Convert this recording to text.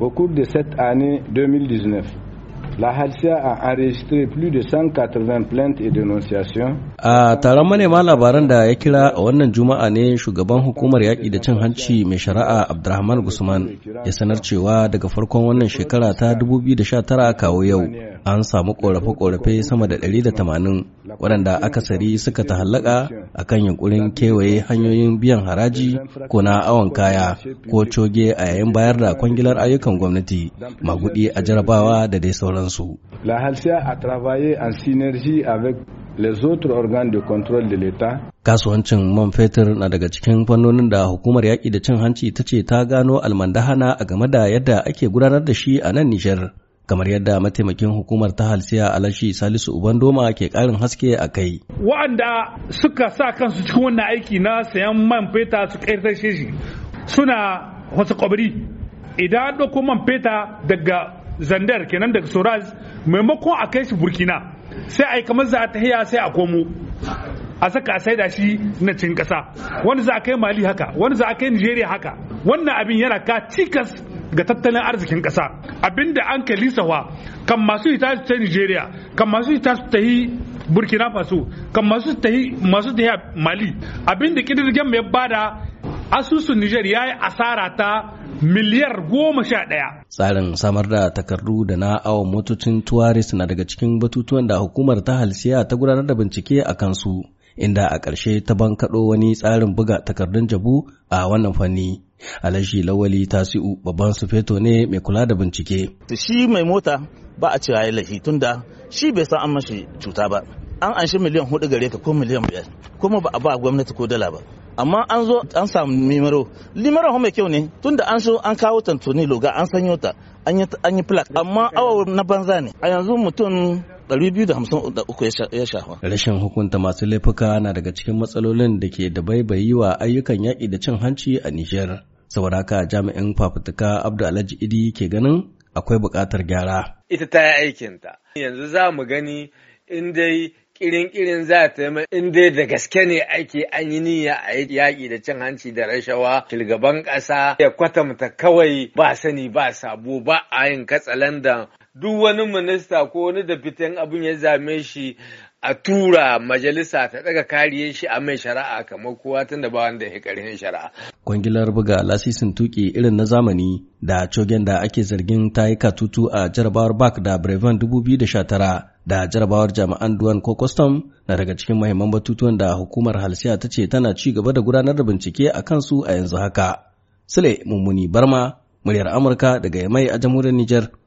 Au cours de cette année 2019, La Halsia a enregistré plus de 180 plaintes et dénonciations. A taron manema labaran da ya kira a wannan juma'a ne shugaban hukumar yaƙi da cin hanci mai shari'a Abdulrahman usman ya sanar cewa daga farkon wannan shekara ta 2019 kawo yau an samu ƙorafe-ƙorafe sama da 180 waɗanda akasari suka hallaka a kan yunkurin kewaye hanyoyin biyan haraji ko na awon kaya ko coge a yayin bayar da kwangilar ayyukan gwamnati magudi a jarabawa da dai sauransu. Kasuwancin man fetur na daga cikin fannonin da hukumar yaƙi da cin hanci ta ce ta gano almandahana a game da yadda ake gudanar da shi a nan Nijar. kamar yadda mataimakin hukumar ta halsiya alashi salisu ubandoma ke karin haske a kai wa'anda suka sa kansu cikin wannan aiki na sayan man feta su ƙarfashe shi suna wasu kwabari idan an ɗauko man feta daga zandar kenan daga soraz maimakon a kai shi burkina sai a yi kamar za a tahiya sai a komo a saka a saida shi na cin ƙasa wani za a kai mali haka wani za a kai nigeria haka wannan abin yana ka cikas ga tattalin arzikin ƙasa abinda an ka kan masu hita ta nigeria kan masu hita ta yi burkina faso kan masu yi mali abinda kidirgen mai bada asusun niger ya yi asara ta miliyar goma sha ɗaya. Tsarin samar da takardu da na awa motocin tuwaris na daga cikin batutuwan da hukumar ta halsiya ta gudanar da bincike a kansu. inda a ƙarshe ta bankaɗo wani tsarin buga takardun jabu a wannan fanni. Alashi Lawali Tasi'u babban su feto ne mai kula da bincike. Shi mai mota ba a cewa ya lahi da shi bai san an mashi cuta ba. An anshi miliyan hudu gare ka ko miliyan biyar kuma ba a ba gwamnati ko dala ba. amma an zo an samu limaro limaro mai kyau ne tun da an so an kawo tantoni loga an sanyo ta an yi plak amma awa na banza ne a yanzu mutum 253 ya shafa. Rashin hukunta masu laifuka na daga cikin matsalolin da ke da baibayi wa ayyukan yaƙi da cin hanci a Nijar. Saboda haka jami'in fafutuka Abdu Alhaji Idi ke ganin akwai buƙatar gyara. Ita ta yi aikinta. Yanzu za mu gani in dai kirin-kirin za ta yi in dai da gaske ne ake an yi niyya a yaƙi da cin hanci da rashawa shugaban ƙasa ya kwatamta kawai ba sani ba sabo ba a yin katsalandan duk wani minista ko wani fitan abin ya zame shi a tura majalisa ta daga kariyar shi a mai shari'a kamar kowa tun da ba wanda ya karhin shari'a. Kwangilar buga lasisin tuki irin na zamani da cogen da ake zargin ta yi katutu a jarabawar bak da Brevan 2019 da jarabawar jami'an duwan ko kwastam na daga cikin mahimman batutuwan da hukumar halsiya ta ce tana ci gaba da gudanar da bincike a kansu a yanzu haka. Sule Mummuni Barma, muryar Amurka daga Yamai a jamhuriyar Nijar.